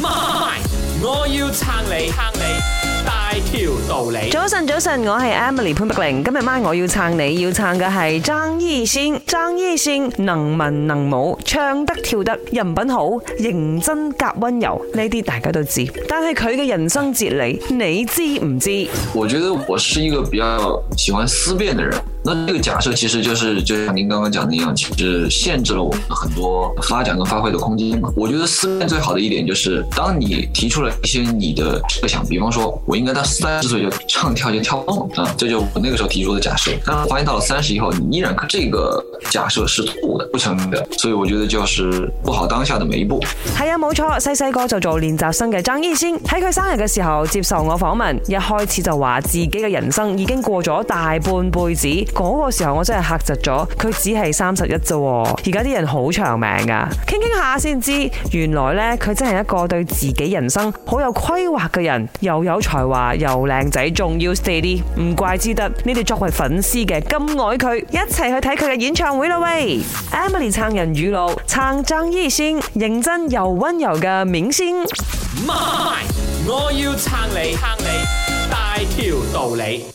My, 我要撐你，撐你大條道理。早晨，早晨，我係 Emily 潘柏玲。今日晚我要撐你，要撐嘅係張藝興。張藝興能文能武，唱得跳得，人品好，認真夾温柔，呢啲大家都知。但係佢嘅人生哲理，你知唔知？我覺得我是一個比較喜歡思辨嘅人。那這個假設其實就是，就像您剛剛講的一樣，其實限制了我們很多發展跟發揮的空間嘛。我覺得思念最好的一點就是，當你提出了一些你的設想，比方說我應該到三十歲就唱跳就跳動啊，這就，就是我那個時候提出的假設。但是發現到了三十以後，你依然可這個假設是錯誤的、不成立的。所以我覺得就是過好當下的每一步。係啊，冇錯，細細個就做練習生嘅張藝興，喺佢生日嘅時候接受我訪問，一開始就話自己嘅人生已經過咗大半輩子。嗰個時候我真係吓窒咗，佢只係三十一啫，而家啲人好長命噶，傾傾下先知，原來呢，佢真係一個對自己人生好有規劃嘅人，又有才華又靚仔，仲要 steady，唔怪之得你哋作為粉絲嘅咁愛佢，一齊去睇佢嘅演唱會咯喂，欸，Emily 撐人語錄，撐張藝興，認真又溫柔嘅明星，MY 我要撐你，撐你大條道理。